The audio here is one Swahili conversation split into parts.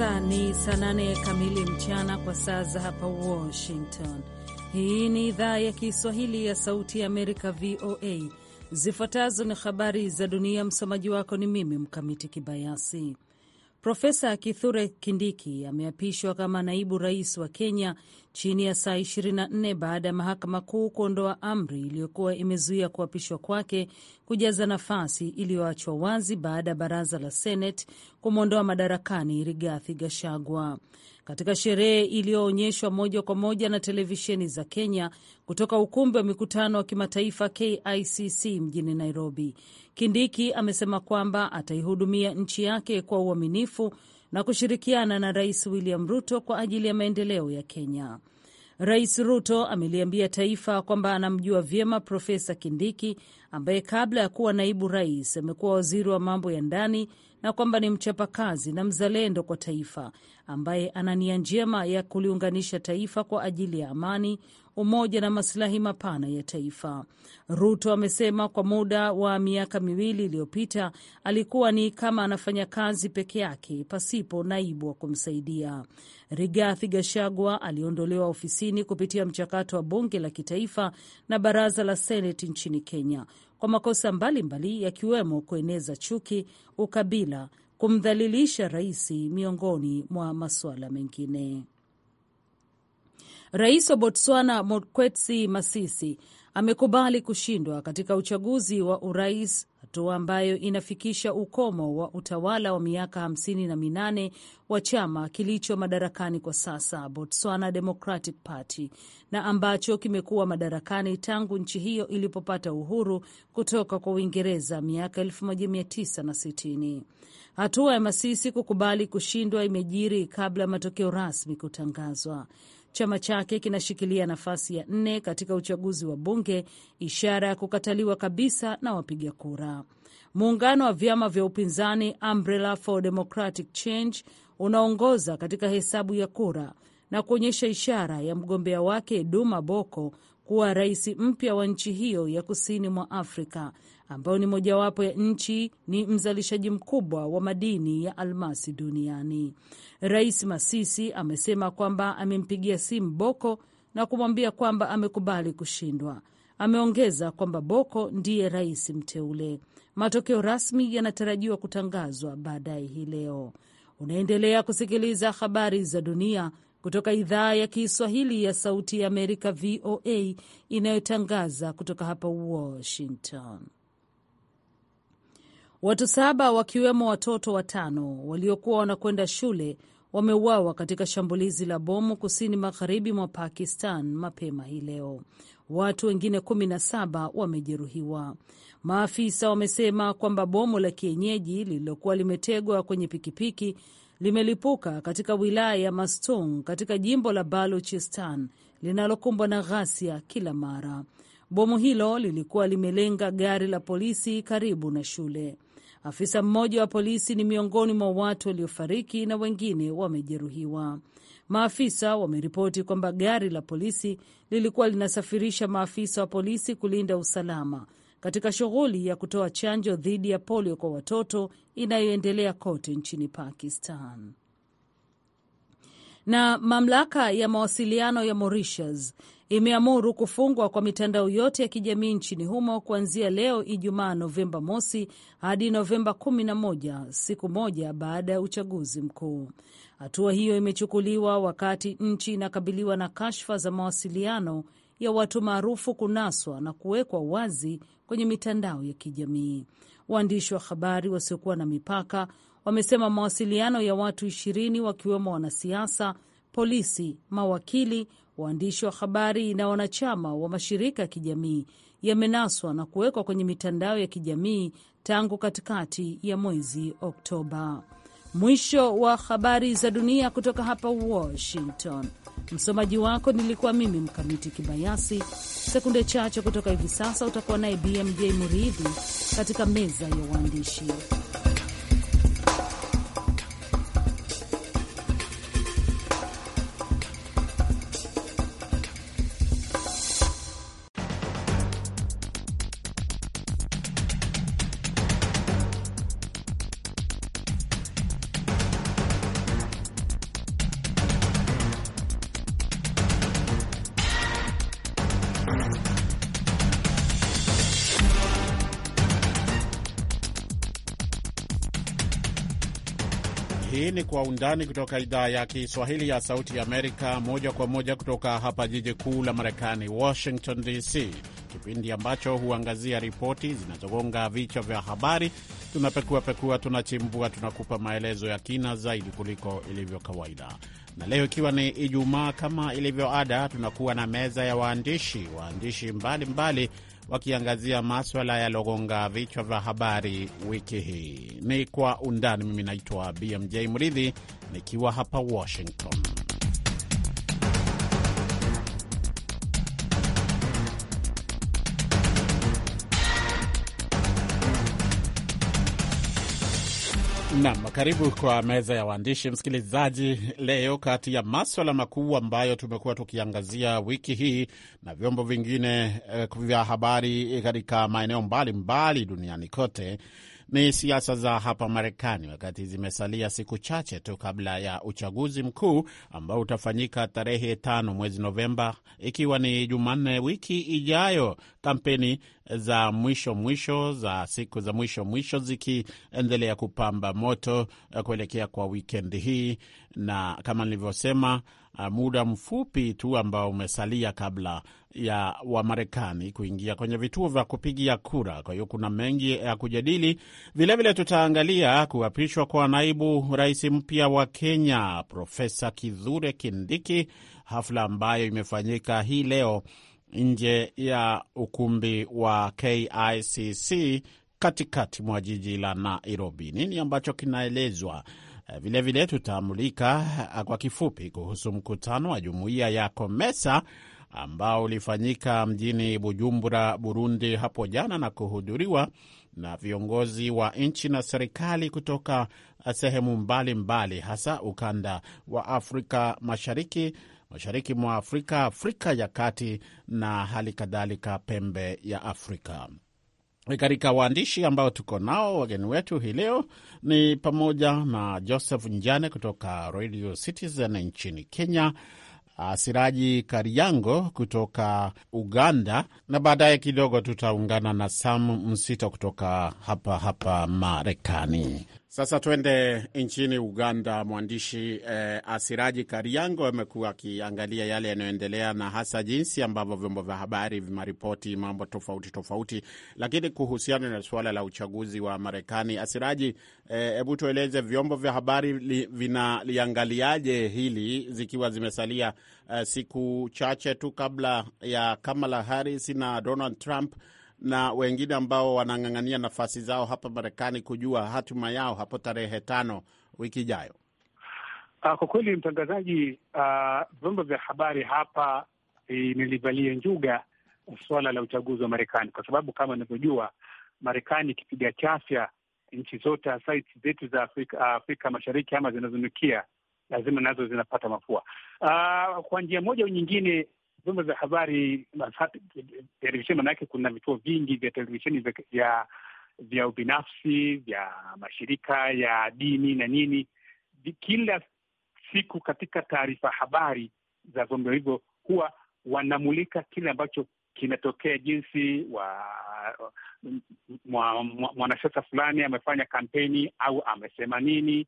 Sasa ni saa nane kamili mchana kwa saa za hapa Washington. Hii ni idhaa ya Kiswahili ya Sauti ya Amerika, VOA. Zifuatazo ni habari za dunia. Msomaji wako ni mimi Mkamiti Kibayasi. Profesa Kithure Kindiki ameapishwa kama naibu rais wa Kenya chini ya saa 24 baada ya mahakama kuu kuondoa amri iliyokuwa imezuia kuapishwa kwake kujaza nafasi iliyoachwa wazi baada ya baraza la senet kumwondoa madarakani Rigathi gashagwa Katika sherehe iliyoonyeshwa moja kwa moja na televisheni za Kenya kutoka ukumbi wa mikutano wa kimataifa KICC mjini Nairobi, Kindiki amesema kwamba ataihudumia nchi yake kwa uaminifu na kushirikiana na Rais William Ruto kwa ajili ya maendeleo ya Kenya. Rais Ruto ameliambia taifa kwamba anamjua vyema Profesa Kindiki ambaye kabla ya kuwa naibu rais amekuwa waziri wa mambo ya ndani na kwamba ni mchapakazi na mzalendo kwa taifa ambaye ana nia njema ya kuliunganisha taifa kwa ajili ya amani, umoja na masilahi mapana ya taifa. Ruto amesema kwa muda wa miaka miwili iliyopita alikuwa ni kama anafanya kazi peke yake pasipo naibu wa kumsaidia. Rigathi gashagwa aliondolewa ofisini kupitia mchakato wa bunge la kitaifa na baraza la seneti nchini Kenya kwa makosa mbalimbali yakiwemo kueneza chuki, ukabila, kumdhalilisha rais, miongoni mwa masuala mengine. Rais wa Botswana Mokgweetsi Masisi amekubali kushindwa katika uchaguzi wa urais, hatua ambayo inafikisha ukomo wa utawala wa miaka hamsini na minane wa chama kilicho madarakani kwa sasa, Botswana Democratic Party, na ambacho kimekuwa madarakani tangu nchi hiyo ilipopata uhuru kutoka kwa Uingereza miaka 1960. Hatua ya Masisi kukubali kushindwa imejiri kabla ya matokeo rasmi kutangazwa chama chake kinashikilia nafasi ya nne katika uchaguzi wa bunge, ishara ya kukataliwa kabisa na wapiga kura. Muungano wa vyama vya upinzani Umbrella for Democratic Change unaongoza katika hesabu ya kura na kuonyesha ishara ya mgombea wake Duma Boko kuwa rais mpya wa nchi hiyo ya kusini mwa Afrika ambayo ni mojawapo ya nchi ni mzalishaji mkubwa wa madini ya almasi duniani. Rais Masisi amesema kwamba amempigia simu Boko na kumwambia kwamba amekubali kushindwa. Ameongeza kwamba Boko ndiye rais mteule. Matokeo rasmi yanatarajiwa kutangazwa baadaye hii leo. Unaendelea kusikiliza habari za dunia kutoka idhaa ya Kiswahili ya Sauti ya Amerika, VOA, inayotangaza kutoka hapa Washington. Watu saba wakiwemo watoto watano waliokuwa wanakwenda shule wameuawa katika shambulizi la bomu kusini magharibi mwa Pakistan mapema hii leo. Watu wengine kumi na saba wamejeruhiwa. Maafisa wamesema kwamba bomu la kienyeji lililokuwa limetegwa kwenye pikipiki limelipuka katika wilaya ya Mastung katika jimbo la Baluchistan linalokumbwa na ghasia kila mara. Bomu hilo lilikuwa limelenga gari la polisi karibu na shule. Afisa mmoja wa polisi ni miongoni mwa watu waliofariki na wengine wamejeruhiwa. Maafisa wameripoti kwamba gari la polisi lilikuwa linasafirisha maafisa wa polisi kulinda usalama katika shughuli ya kutoa chanjo dhidi ya polio kwa watoto inayoendelea kote nchini Pakistan. Na mamlaka ya mawasiliano ya Mauritius imeamuru kufungwa kwa mitandao yote ya kijamii nchini humo kuanzia leo Ijumaa Novemba mosi hadi Novemba 11, siku moja baada ya uchaguzi mkuu. Hatua hiyo imechukuliwa wakati nchi inakabiliwa na kashfa za mawasiliano ya watu maarufu kunaswa na kuwekwa wazi kwenye mitandao ya kijamii. Waandishi wa habari wasiokuwa na mipaka wamesema mawasiliano ya watu ishirini wakiwemo wanasiasa, polisi, mawakili, waandishi wa habari na wanachama wa mashirika ya kijamii yamenaswa na kuwekwa kwenye mitandao ya kijamii tangu katikati ya mwezi Oktoba. Mwisho wa habari za dunia kutoka hapa Washington. Msomaji wako nilikuwa mimi Mkamiti Kibayasi. Sekunde chache kutoka hivi sasa utakuwa naye BMJ Muridhi katika meza ya waandishi. kwa undani kutoka idhaa ya Kiswahili ya Sauti ya Amerika, moja kwa moja kutoka hapa jiji kuu la Marekani, Washington DC, kipindi ambacho huangazia ripoti zinazogonga vichwa vya habari. Tunapekua pekua, tunachimbua, tunakupa maelezo ya kina zaidi kuliko ilivyo kawaida. Na leo ikiwa ni Ijumaa, kama ilivyo ada, tunakuwa na meza ya waandishi waandishi mbalimbali mbali, wakiangazia maswala yalogonga vichwa vya habari wiki hii. Ni Kwa Undani. Mimi naitwa BMJ Mridhi nikiwa hapa Washington. Nam, karibu kwa meza ya waandishi. Msikilizaji, leo kati ya maswala makuu ambayo tumekuwa tukiangazia wiki hii na vyombo vingine eh, vya habari katika maeneo mbalimbali duniani kote ni siasa za hapa Marekani, wakati zimesalia siku chache tu kabla ya uchaguzi mkuu ambao utafanyika tarehe tano mwezi Novemba, ikiwa ni Jumanne wiki ijayo, kampeni za mwisho mwisho za siku za mwisho mwisho zikiendelea kupamba moto kuelekea kwa wikendi hii, na kama nilivyosema Uh, muda mfupi tu ambao umesalia kabla ya Wamarekani kuingia kwenye vituo vya kupigia kura. Kwa hiyo kuna mengi ya kujadili. Vilevile tutaangalia kuapishwa kwa naibu rais mpya wa Kenya, Profesa Kithure Kindiki, hafla ambayo imefanyika hii leo nje ya ukumbi wa KICC katikati mwa jiji la Nairobi. Nini ambacho kinaelezwa Vilevile eh, tutamulika eh, kwa kifupi kuhusu mkutano wa jumuiya ya COMESA ambao ulifanyika mjini Bujumbura, Burundi hapo jana na kuhudhuriwa na viongozi wa nchi na serikali kutoka eh, sehemu mbalimbali mbali, hasa ukanda wa Afrika Mashariki, mashariki mwa Afrika, Afrika ya Kati na hali kadhalika pembe ya Afrika. Eh, katika waandishi ambao tuko nao wageni wetu hii leo ni pamoja na Joseph Njane kutoka Radio Citizen nchini Kenya, Siraji Kariango kutoka Uganda, na baadaye kidogo tutaungana na Sam Msito kutoka hapa hapa Marekani. Sasa tuende nchini Uganda. Mwandishi eh, Asiraji Kariango amekuwa akiangalia yale yanayoendelea na hasa jinsi ambavyo vyombo vya habari vimeripoti mambo tofauti tofauti, lakini kuhusiana na suala la uchaguzi wa Marekani. Asiraji, eh, hebu eh, tueleze vyombo vya habari li, vinaliangaliaje hili zikiwa zimesalia eh, siku chache tu kabla ya Kamala Harris na Donald Trump na wengine ambao wanang'ang'ania nafasi zao hapa Marekani kujua hatima yao hapo tarehe tano wiki ijayo? Ah, kwa kweli mtangazaji, ah, vyombo uh, vya habari hapa imelivalia njuga suala la uchaguzi wa Marekani kwa sababu kama unavyojua Marekani ikipiga chafya nchi zote hasa nchi zetu za Afrika, Afrika Mashariki ama zinazonukia lazima nazo zinapata mafua. Uh, kwa njia moja au nyingine, vyombo vya habari televisheni, maanake kuna vituo vingi vya televisheni vya vya ubinafsi vya mashirika ya dini na nini. Kila siku katika taarifa habari za vyombo hivyo huwa wanamulika kile ambacho kinatokea, jinsi wa mwanasiasa fulani amefanya kampeni au amesema nini.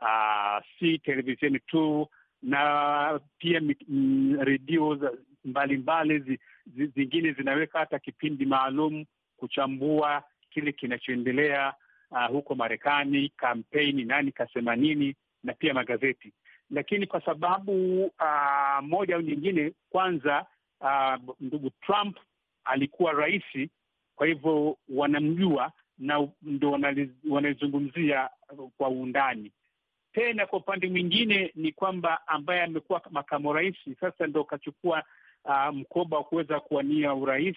Uh, si televisheni tu na pia redio mbalimbali zi, zi, zingine zinaweka hata kipindi maalum kuchambua kile kinachoendelea uh, huko Marekani, kampeni, nani kasema nini, na pia magazeti. Lakini kwa sababu uh, moja au nyingine, kwanza uh, ndugu Trump alikuwa rais, kwa hivyo wanamjua na ndo wanalizungumzia kwa undani tena kwa upande mwingine ni kwamba ambaye amekuwa makamu rais sasa ndo kachukua uh, mkoba wa kuweza kuwania urais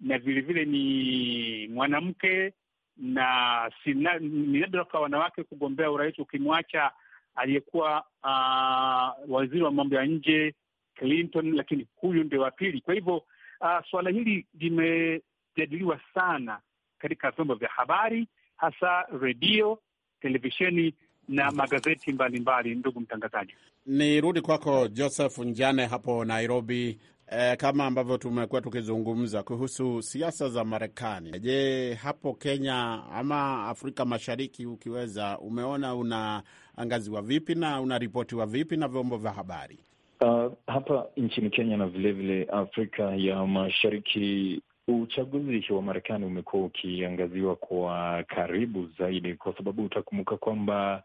na vilevile ni mwanamke na sina, ni nadra kwa wanawake kugombea urais ukimwacha aliyekuwa uh, waziri wa mambo ya nje Clinton, lakini huyu ndio wa pili. Kwa hivyo uh, suala hili limejadiliwa sana katika vyombo vya habari, hasa redio, televisheni na magazeti mbalimbali. Ndugu mtangazaji, nirudi kwako Joseph Njane hapo Nairobi. E, kama ambavyo tumekuwa tukizungumza kuhusu siasa za Marekani, je, hapo Kenya ama Afrika Mashariki ukiweza, umeona unaangaziwa vipi na unaripotiwa vipi na vyombo vya habari? Uh, hapa nchini Kenya na vilevile vile Afrika ya Mashariki uchaguzi wa Marekani umekuwa ukiangaziwa kwa karibu zaidi, kwa sababu utakumbuka kwamba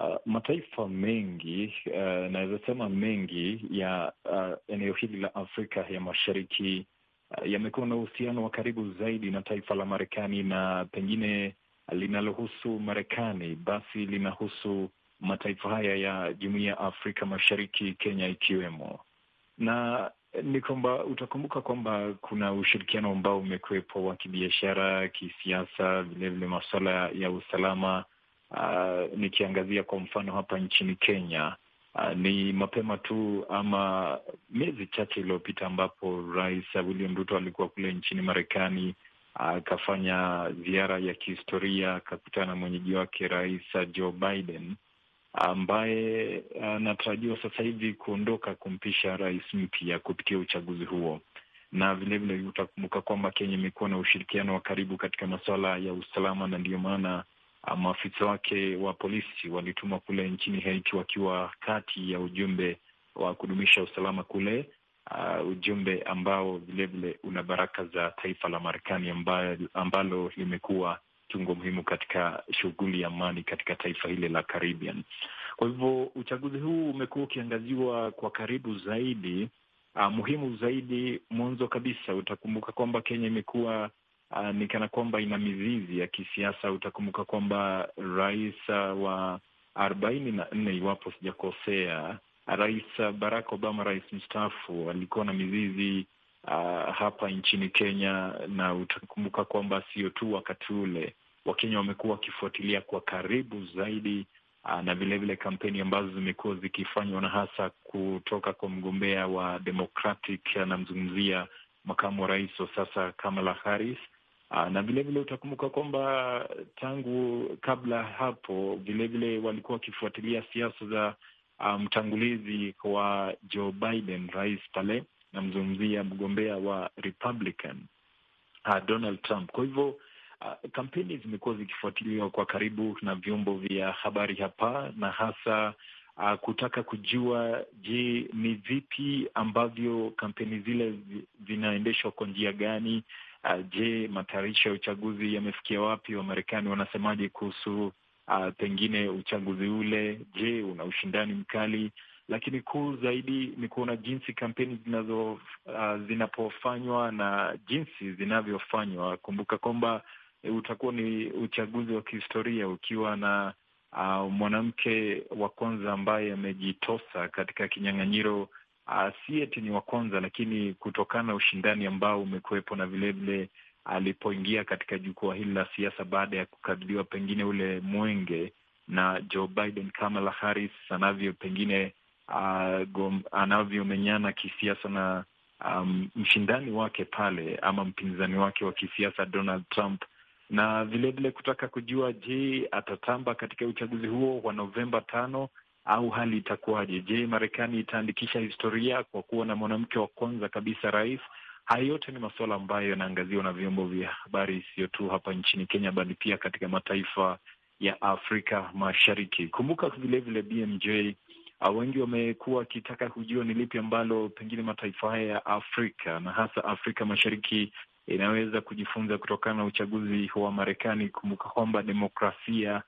Uh, mataifa mengi uh, naweza sema mengi ya uh, eneo hili la Afrika ya Mashariki uh, yamekuwa na uhusiano wa karibu zaidi na taifa la Marekani, na pengine linalohusu Marekani basi linahusu mataifa haya ya Jumuiya ya Afrika Mashariki, Kenya ikiwemo. Na ni kwamba utakumbuka kwamba kuna ushirikiano ambao umekuwepo wa kibiashara, kisiasa, vilevile masuala ya usalama uh, nikiangazia kwa mfano hapa nchini Kenya uh, ni mapema tu ama miezi chache iliyopita ambapo Rais William Ruto alikuwa kule nchini Marekani ah, akafanya uh, ziara ya kihistoria akakutana na mwenyeji wake Rais Joe Biden ambaye anatarajiwa sasa hivi kuondoka kumpisha rais mpya kupitia uchaguzi huo. Na vilevile utakumbuka kwamba Kenya imekuwa na ushirikiano wa karibu katika masuala ya usalama, na ndiyo maana Ah, maafisa wake wa polisi walitumwa kule nchini Haiti wakiwa kati ya ujumbe wa kudumisha usalama kule, uh, ujumbe ambao vilevile una baraka za taifa la Marekani ambalo limekuwa kiungo muhimu katika shughuli ya amani katika taifa hili la Caribbean. Kwa hivyo uchaguzi huu umekuwa ukiangaziwa kwa karibu zaidi. Uh, muhimu zaidi mwanzo kabisa utakumbuka kwamba Kenya imekuwa uh, ni kana kwamba ina mizizi ya kisiasa. Utakumbuka kwamba rais ah, wa arobaini na nne, iwapo sijakosea, ah, Rais Barack Obama, rais mstaafu, alikuwa na mizizi uh, hapa nchini Kenya, na utakumbuka kwamba sio tu wakati ule Wakenya wamekuwa wakifuatilia kwa karibu zaidi na vilevile kampeni ambazo zimekuwa zikifanywa na hasa kutoka kwa mgombea wa Democratic, anamzungumzia makamu wa rais wa sasa Kamala Harris, Ah, na vilevile utakumbuka kwamba tangu kabla hapo vilevile walikuwa wakifuatilia siasa za ah, mtangulizi um, wa Joe Biden, rais pale, namzungumzia mgombea wa Republican uh, Donald Trump. Kwa hivyo uh, kampeni zimekuwa zikifuatiliwa kwa karibu na vyombo vya habari hapa na hasa Uh, kutaka kujua je, ni vipi ambavyo kampeni zile zinaendeshwa kwa njia gani? Uh, je, matayarisho ya uchaguzi yamefikia wapi? Wamarekani wanasemaje kuhusu uh, pengine uchaguzi ule? Je, una ushindani mkali? Lakini kuu zaidi ni kuona jinsi kampeni zinazo uh, zinapofanywa na jinsi zinavyofanywa. Kumbuka kwamba eh, utakuwa ni uchaguzi wa kihistoria ukiwa na uh, mwanamke wa kwanza ambaye amejitosa katika kinyang'anyiro Ah, si eti ni wa kwanza, lakini kutokana na ushindani ambao umekuwepo na vilevile alipoingia katika jukwaa hili la siasa baada ya kukabiliwa pengine ule mwenge na Joe Biden, Kamala Harris anavyo pengine uh, ah, anavyomenyana kisiasa na um, mshindani wake pale ama mpinzani wake wa kisiasa Donald Trump, na vilevile kutaka kujua je, atatamba katika uchaguzi huo wa Novemba tano au hali itakuwaje? Je, Marekani itaandikisha historia kwa kuwa na mwanamke wa kwanza kabisa rais? Haya yote ni masuala ambayo yanaangaziwa na vyombo vya habari, sio tu hapa nchini Kenya, bali pia katika mataifa ya Afrika Mashariki. Kumbuka vilevile BMJ, ah, wengi wamekuwa wakitaka kujua ni lipi ambalo pengine mataifa haya ya Afrika na hasa Afrika Mashariki inaweza kujifunza kutokana na uchaguzi wa Marekani. Kumbuka kwamba demokrasia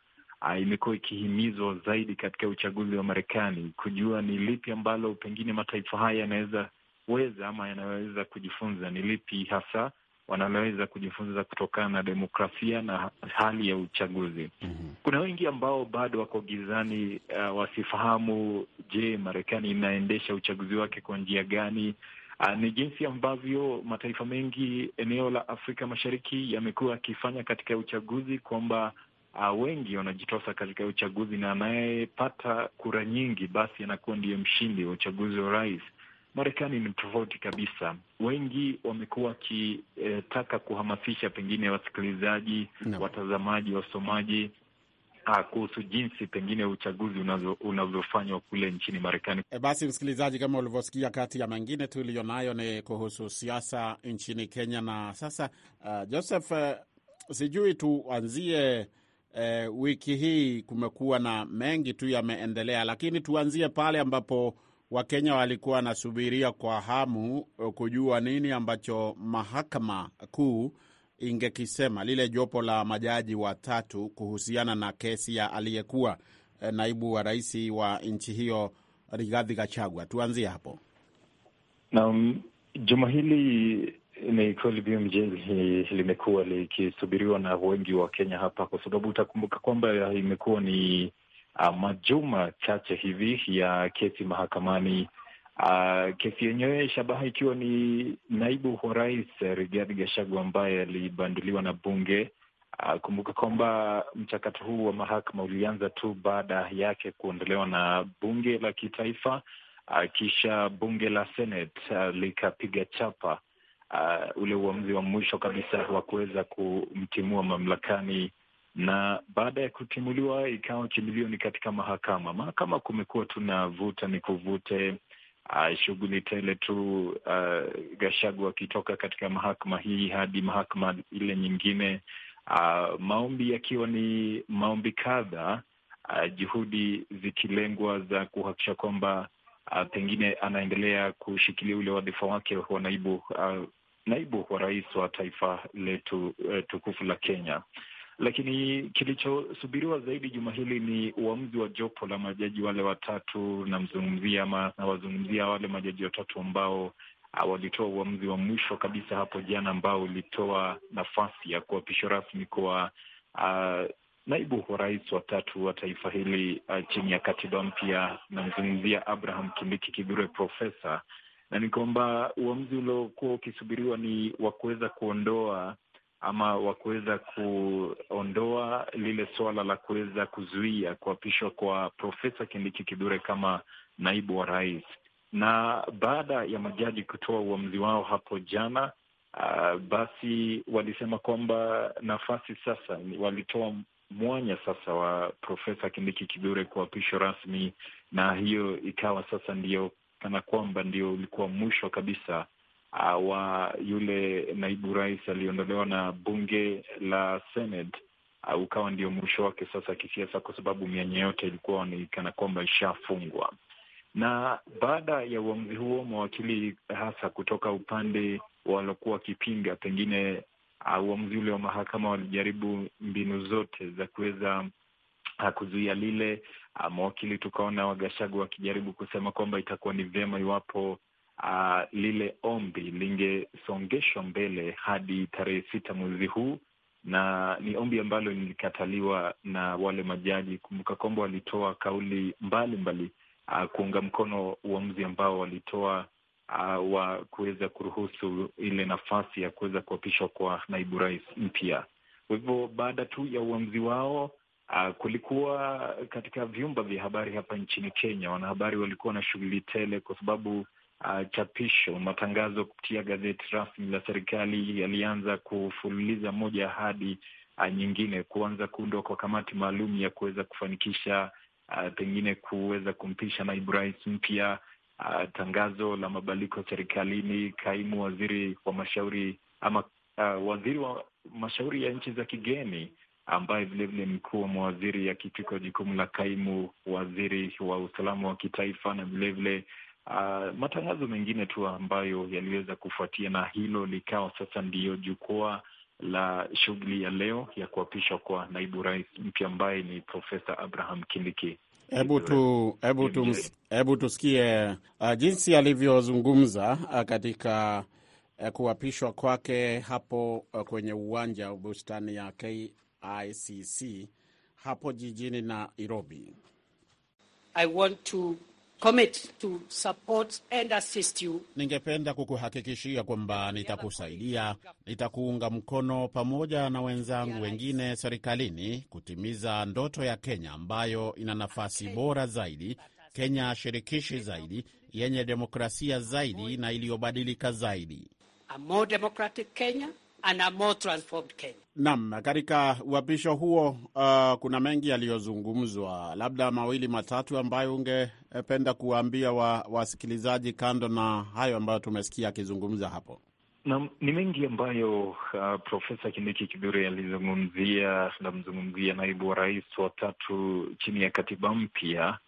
Ah, imekuwa ikihimizwa zaidi katika uchaguzi wa Marekani, kujua ni lipi ambalo pengine mataifa haya yanaweza weza ama yanaweza kujifunza, ni lipi hasa wanaloweza kujifunza kutokana na demokrasia na hali ya uchaguzi. mm -hmm. Kuna wengi ambao bado wako gizani, uh, wasifahamu, je, Marekani inaendesha uchaguzi wake kwa njia gani? Uh, ni jinsi ambavyo mataifa mengi eneo la Afrika Mashariki yamekuwa yakifanya katika uchaguzi, kwamba uh, wengi wanajitosa katika uchaguzi na anayepata kura nyingi basi anakuwa ndiye mshindi wa uchaguzi wa rais. Marekani ni tofauti kabisa. Wengi wamekuwa wakitaka e, kuhamasisha pengine wasikilizaji no. watazamaji, wasomaji ah, kuhusu jinsi pengine uchaguzi unavyofanywa kule nchini Marekani. E, basi msikilizaji, kama ulivyosikia, kati ya mengine tuliyo nayo ni kuhusu siasa nchini Kenya. Na sasa uh, Joseph, uh, sijui tuanzie e, wiki hii kumekuwa na mengi tu yameendelea, lakini tuanzie pale ambapo Wakenya walikuwa wanasubiria kwa hamu eh, kujua nini ambacho mahakama kuu ingekisema, lile jopo la majaji watatu kuhusiana na kesi ya aliyekuwa eh, naibu wa rais wa nchi hiyo Rigathi Gachagua. Tuanzie hapo. Naam, juma hili ni kweli BMJ limekuwa likisubiriwa na wengi wa Kenya hapa, kwa sababu utakumbuka kwamba imekuwa ni uh, majuma chache hivi ya kesi mahakamani. Uh, kesi yenyewe shabaha ikiwa ni naibu wa rais eh, Rigathi Gachagua ambaye alibanduliwa na bunge. Uh, kumbuka kwamba mchakato huu wa mahakama ulianza tu baada yake kuondolewa na bunge la kitaifa, uh, kisha bunge la Senate uh, likapiga chapa uh, ule uamuzi wa mwisho kabisa wa kuweza kumtimua mamlakani na baada ya kutimuliwa ikawa kimbilio ni katika mahakama. Mahakama kumekuwa tuna vuta ni kuvute, uh, shughuli tele tu. Uh, Gashagu akitoka katika mahakama hii hadi mahakama ile nyingine, uh, maombi yakiwa ni maombi kadha, uh, juhudi zikilengwa za kuhakikisha kwamba uh, pengine anaendelea kushikilia ule wadhifa wake wa naibu uh, naibu wa rais wa taifa letu uh, tukufu la Kenya. Lakini kilichosubiriwa zaidi juma hili ni uamuzi wa jopo la majaji wale watatu, namzungumzia ama nawazungumzia wale majaji watatu ambao ah, walitoa uamuzi wa mwisho kabisa hapo jana, ambao ulitoa nafasi ya kuapishwa rasmi kwa uh, naibu wa rais wa tatu wa taifa hili uh, chini ya katiba mpya, namzungumzia Abraham Kindiki Kigure profesa, na ni kwamba uamuzi uliokuwa ukisubiriwa ni wa kuweza kuondoa ama wa kuweza kuondoa lile suala la kuweza kuzuia kuapishwa kwa Profesa Kindiki Kidure kama naibu wa rais. Na baada ya majaji kutoa uamuzi wao hapo jana, uh, basi walisema kwamba nafasi sasa, walitoa mwanya sasa wa Profesa Kindiki Kidure kuapishwa rasmi, na hiyo ikawa sasa ndio kana kwamba ndio ulikuwa mwisho kabisa ah, wa yule naibu rais aliyoondolewa na bunge la Senate. Uh, ukawa ndio mwisho wake sasa kisiasa, kwa sababu mianya yote ilikuwa ni kana kwamba ishafungwa. Na baada ya uamuzi huo, mawakili hasa kutoka upande waliokuwa wakipinga pengine uamuzi ule wa mahakama, walijaribu mbinu zote za kuweza ah, kuzuia lile. Ah, mawakili tukaona Wagashagu wakijaribu kusema kwamba itakuwa ni vyema iwapo Uh, lile ombi lingesongeshwa mbele hadi tarehe sita mwezi huu, na ni ombi ambalo lilikataliwa na wale majaji. Kumbuka kwamba walitoa kauli mbalimbali mbali, uh, kuunga mkono uamuzi ambao walitoa uh, wa kuweza kuruhusu ile nafasi ya kuweza kuapishwa kwa naibu rais mpya. Kwa hivyo baada tu ya uamuzi wao Uh, kulikuwa katika vyumba vya habari hapa nchini Kenya, wanahabari walikuwa na shughuli tele, kwa sababu uh, chapisho, matangazo kupitia gazeti rasmi la serikali yalianza kufululiza moja hadi uh, nyingine, kuanza kuundwa kwa kamati maalum ya kuweza kufanikisha uh, pengine kuweza kumpisha naibu rais mpya uh, tangazo la mabadiliko serikalini, kaimu waziri wa mashauri ama uh, waziri wa mashauri ya nchi za kigeni ambaye vilevile mkuu wa mawaziri akichukua jukumu la kaimu waziri wa usalama wa kitaifa na vilevile uh, ah, matangazo mengine tu ambayo yaliweza kufuatia, na hilo likawa sasa ndiyo jukwaa la shughuli ya leo ya kuapishwa kwa naibu rais mpya ambaye ni Profesa Abraham Kindiki. Hebu tu hebu tu hebu tusikie uh, jinsi alivyozungumza uh, katika uh, kuapishwa kwake hapo uh, kwenye uwanja wa bustani ya KICC hapo jijini Nairobi. I want to To support and assist you. Ningependa kukuhakikishia kwamba nitakusaidia, nitakuunga mkono pamoja na wenzangu wengine serikalini kutimiza ndoto ya Kenya ambayo ina nafasi bora zaidi, Kenya shirikishi zaidi, yenye demokrasia zaidi na iliyobadilika zaidi. A more democratic Kenya and a more transformed Kenya. Naam, katika uapisho huo uh, kuna mengi yaliyozungumzwa, labda mawili matatu ambayo ungependa kuwaambia wa, wasikilizaji, kando na hayo ambayo tumesikia akizungumza hapo. Na, ni mengi ambayo uh, Profesa Kindiki Kibure alizungumzia. Namzungumzia naibu wa rais wa tatu chini ya katiba mpya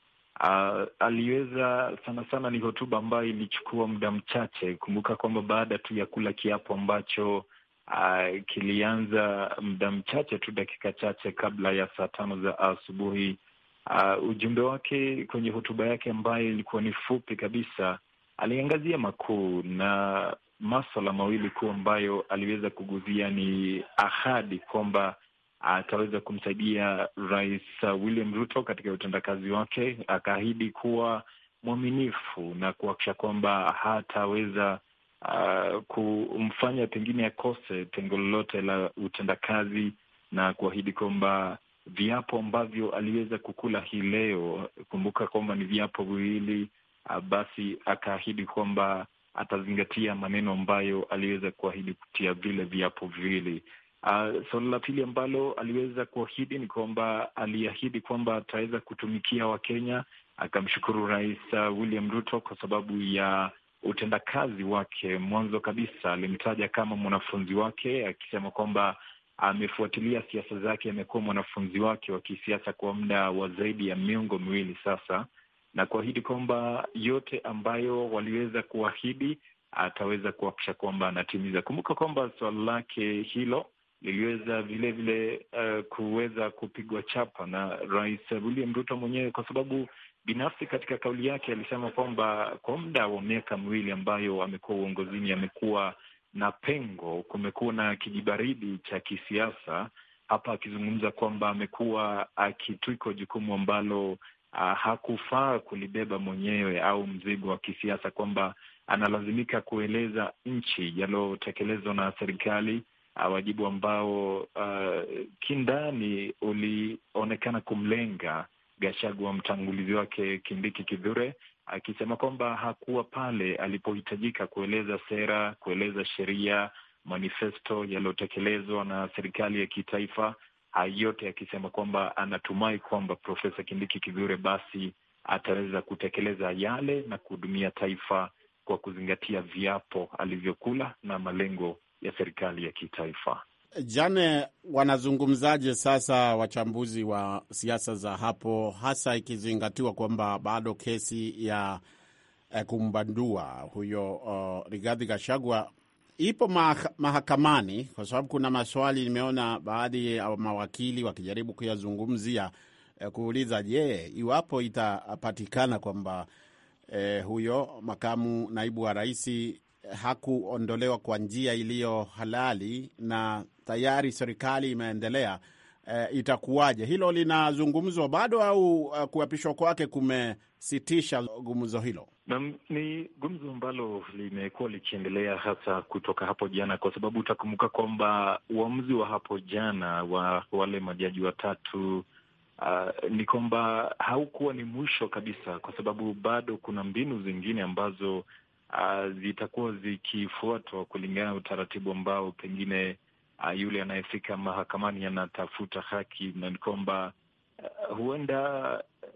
uh, aliweza sana sana, ni hotuba ambayo ilichukua muda mchache. Kumbuka kwamba baada tu ya kula kiapo ambacho uh, kilianza muda mchache tu, dakika chache kabla ya saa tano za asubuhi. Uh, ujumbe wake kwenye hotuba yake ambayo ilikuwa ni fupi kabisa, aliangazia makuu na maswala mawili kuu ambayo aliweza kuguzia ni ahadi kwamba ataweza kumsaidia Rais William Ruto katika utendakazi wake, akaahidi kuwa mwaminifu na kuhakikisha kwamba hataweza uh, kumfanya pengine akose pengo lolote la utendakazi na kuahidi kwamba viapo ambavyo aliweza kukula hii leo, kumbuka kwamba ni viapo viwili, uh, basi akaahidi kwamba atazingatia maneno ambayo aliweza kuahidi kutia vile viapo viwili. Uh, suala la pili ambalo aliweza kuahidi ni kwamba aliahidi kwamba ataweza kutumikia Wakenya. Akamshukuru Rais uh, William Ruto kwa sababu ya utendakazi wake mwanzo kabisa alimtaja kama mwanafunzi wake, akisema kwamba amefuatilia siasa zake, amekuwa mwanafunzi wake wa kisiasa kwa muda wa zaidi ya miongo miwili sasa, na kuahidi kwamba yote ambayo waliweza kuahidi ataweza kuhakikisha kwamba anatimiza. Kumbuka kwamba suala lake hilo liliweza vilevile uh, eh, kuweza kupigwa chapa na Rais William Ruto mwenyewe kwa sababu Binafsi katika kauli yake alisema kwamba kwa muda wa miaka miwili ambayo amekuwa uongozini, amekuwa na pengo, kumekuwa na kijibaridi cha kisiasa hapa, akizungumza kwamba amekuwa akitwikwa jukumu ambalo Uh, hakufaa kulibeba mwenyewe au mzigo wa kisiasa, kwamba analazimika kueleza nchi yaliyotekelezwa na serikali uh, wajibu ambao uh, kindani ulionekana kumlenga Gachagua mtangulizi wake Kindiki kidhure akisema kwamba hakuwa pale alipohitajika kueleza sera, kueleza sheria, manifesto yaliyotekelezwa na serikali ya kitaifa. Hayo yote akisema kwamba anatumai kwamba Profesa Kindiki kidhure basi ataweza kutekeleza yale na kuhudumia taifa kwa kuzingatia viapo alivyokula na malengo ya serikali ya kitaifa. Jane, wanazungumzaje sasa wachambuzi wa siasa za hapo, hasa ikizingatiwa kwamba bado kesi ya eh, kumbandua huyo uh, Rigathi Gachagua ipo mahakamani, kwa sababu kuna maswali nimeona baadhi ya mawakili wakijaribu kuyazungumzia eh, kuuliza, je, iwapo itapatikana kwamba eh, huyo makamu naibu wa rais hakuondolewa kwa njia iliyo halali na tayari serikali imeendelea e, itakuwaje? Hilo linazungumzwa bado au uh, kuapishwa kwake kumesitisha gumzo hilo? Naam, ni gumzo ambalo limekuwa likiendelea hasa kutoka hapo jana, kwa sababu utakumbuka kwamba uamuzi wa hapo jana wa wale majaji watatu Uh, ni kwamba haukuwa ni mwisho kabisa, kwa sababu bado kuna mbinu zingine ambazo uh, zitakuwa zikifuatwa kulingana na utaratibu ambao pengine uh, yule anayefika mahakamani anatafuta haki, na ni kwamba uh, huenda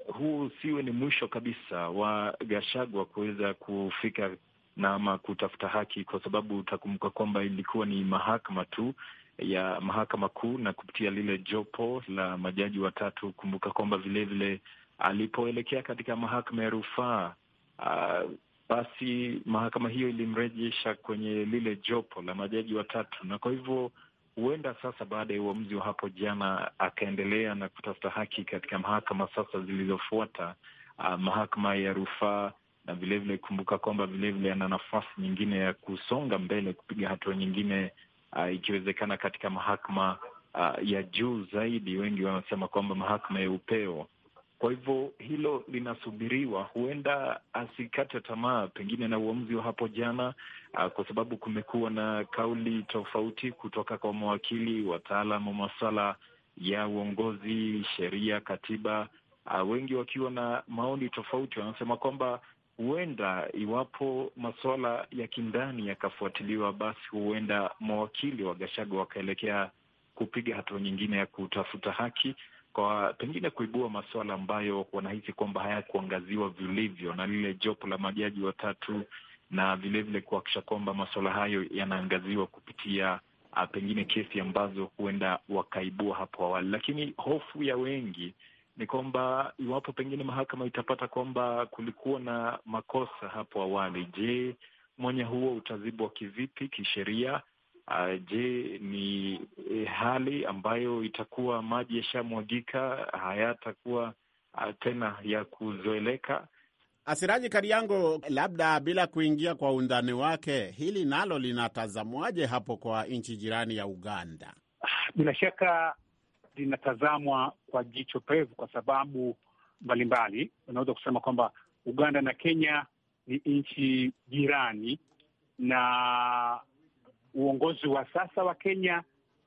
uh, huu usiwe ni mwisho kabisa wa Gashagwa kuweza kufika na ama kutafuta haki, kwa sababu utakumbuka kwamba ilikuwa ni mahakama tu ya mahakama kuu na kupitia lile jopo la majaji watatu. Kumbuka kwamba vilevile alipoelekea katika mahakama ya rufaa uh, basi mahakama hiyo ilimrejesha kwenye lile jopo la majaji watatu, na kwa hivyo huenda sasa baada ya uamuzi wa hapo jana akaendelea na kutafuta haki katika mahakama sasa zilizofuata, uh, mahakama ya rufaa na vilevile kumbuka kwamba vilevile ana nafasi nyingine ya kusonga mbele kupiga hatua nyingine, uh, ikiwezekana katika mahakama uh, ya juu zaidi. Wengi wanasema kwamba mahakama ya upeo kwa hivyo hilo linasubiriwa, huenda asikate tamaa pengine na uamuzi wa hapo jana, ah, kwa sababu kumekuwa na kauli tofauti kutoka kwa mawakili, wataalam wa masuala ya uongozi, sheria, katiba, ah, wengi wakiwa na maoni tofauti. Wanasema kwamba huenda iwapo masuala ya kindani yakafuatiliwa, basi huenda mawakili wa Gashago wakaelekea kupiga hatua nyingine ya kutafuta haki kwa pengine kuibua masuala ambayo wanahisi kwamba hayakuangaziwa vilivyo na lile jopo la majaji watatu, na vilevile kuhakikisha kwamba masuala hayo yanaangaziwa kupitia a, ah, pengine kesi ambazo huenda wakaibua hapo awali. Lakini hofu ya wengi ni kwamba iwapo pengine mahakama itapata kwamba kulikuwa na makosa hapo awali, je, mwanya huo utazibwa kivipi kisheria? Uh, je, ni eh, hali ambayo itakuwa maji yashamwagika hayatakuwa uh, tena ya kuzoeleka? Asiraji Kariango, labda bila kuingia kwa undani wake, hili nalo linatazamwaje hapo kwa nchi jirani ya Uganda? Bila shaka linatazamwa kwa jicho pevu kwa sababu mbalimbali. Unaweza kusema kwamba Uganda na Kenya ni nchi jirani na uongozi wa sasa wa Kenya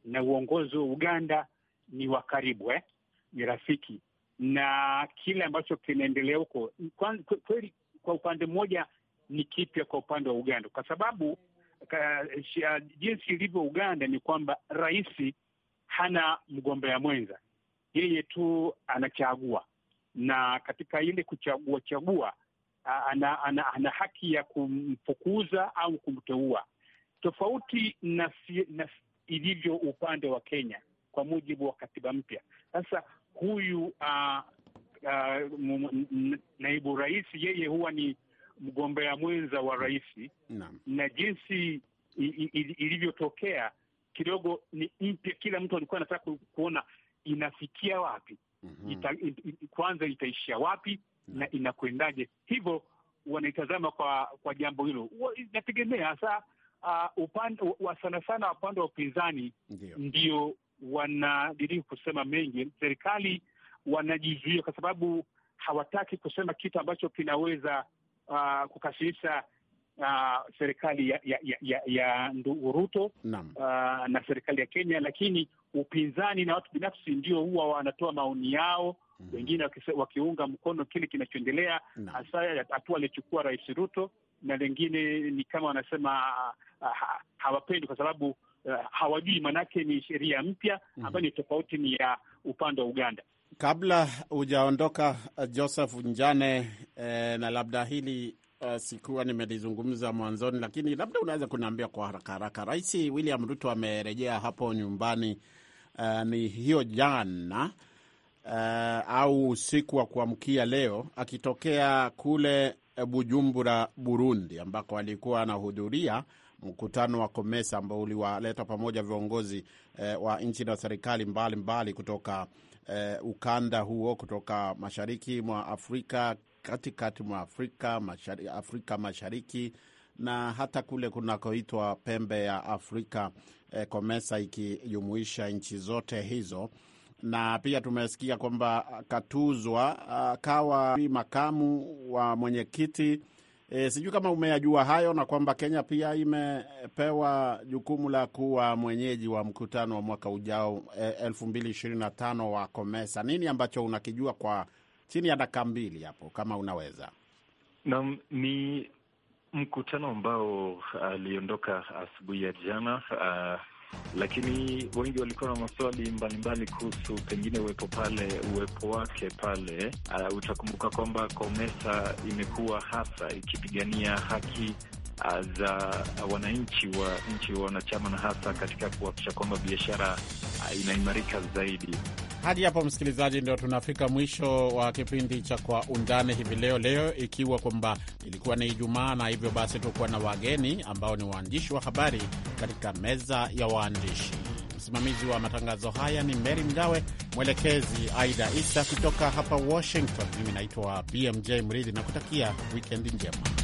na uongozi wa Uganda ni wa karibu eh, ni rafiki na kile ambacho kinaendelea huko kweli, kwa upande mmoja ni kipya kwa upande wa Uganda, kwa sababu ka, shia, ah, jinsi ilivyo Uganda ni kwamba rais hana mgombea mwenza, yeye tu anachagua, na katika ile kuchagua chagua ana, ana, ana haki ya kumfukuza au kumteua tofauti na, na ilivyo upande wa Kenya kwa mujibu wa katiba mpya. Sasa huyu uh, uh, naibu rais yeye huwa ni mgombea mwenza wa rais na, na jinsi ilivyotokea kidogo ni mpya. Kila mtu alikuwa anataka kuona inafikia wapi, mm -hmm. Ita, it, kwanza itaishia wapi na, na inakwendaje. Hivyo wanaitazama kwa kwa jambo hilo, inategemea hasa uh, upande wa sana sana upande wa upinzani ndio wanadiriki kusema mengi. Serikali wanajizuia kwa sababu hawataki kusema kitu ambacho kinaweza uh, kukasirisha uh, serikali ya, ya, ya, ya ndugu Ruto na, uh, na serikali ya Kenya, lakini upinzani na watu binafsi ndio huwa wanatoa maoni yao mm -hmm. Wengine wakiunga mkono kile kinachoendelea, hasa hatua aliyochukua Rais Ruto na lengine ni kama wanasema ah, ha, hawapendi kwa sababu uh, hawajui, manake ni sheria mpya mhm. ambayo mm ni tofauti ni ya upande wa Uganda. Kabla hujaondoka ah, Joseph Njane, eh, na labda hili Uh, sikuwa nimelizungumza mwanzoni, lakini labda unaweza kuniambia kwa haraka haraka. Rais William Ruto amerejea hapo nyumbani uh, ni hiyo jana uh, au usiku wa kuamkia leo akitokea kule Bujumbura, Burundi, ambako alikuwa anahudhuria mkutano wa Komesa ambao uliwaleta pamoja viongozi eh, wa nchi na serikali mbalimbali kutoka eh, ukanda huo, kutoka mashariki mwa Afrika, katikati mwa Afrika, mashari, Afrika mashariki na hata kule kunakoitwa pembe ya Afrika eh, Komesa ikijumuisha nchi zote hizo na pia tumesikia kwamba ah, Katuzwa akawa ah, makamu wa mwenyekiti. E, sijui kama umeyajua hayo na kwamba Kenya pia imepewa jukumu la kuwa mwenyeji wa mkutano wa mwaka ujao eh, elfu mbili ishirini na tano wa Komesa. Nini ambacho unakijua kwa chini ya dakika mbili hapo kama unaweza? Naam, ni mkutano ambao aliondoka asubuhi ya jana uh, lakini wengi walikuwa na maswali mbalimbali kuhusu pengine uwepo pale uwepo wake pale. Uh, utakumbuka kwamba COMESA imekuwa hasa ikipigania haki uh, za wananchi wa nchi wa wanachama na hasa katika kuhakikisha kwamba biashara uh, inaimarika zaidi. Hadi hapo msikilizaji, ndio tunafika mwisho wa kipindi cha Kwa Undani hivi leo leo, ikiwa kwamba ilikuwa ni Ijumaa na hivyo basi tukuwa na wageni ambao ni waandishi wa habari katika meza ya waandishi. Msimamizi wa matangazo haya ni Meri Mgawe, mwelekezi Aida Isa. Kutoka hapa Washington, mimi naitwa BMJ Mridhi na kutakia wikendi njema.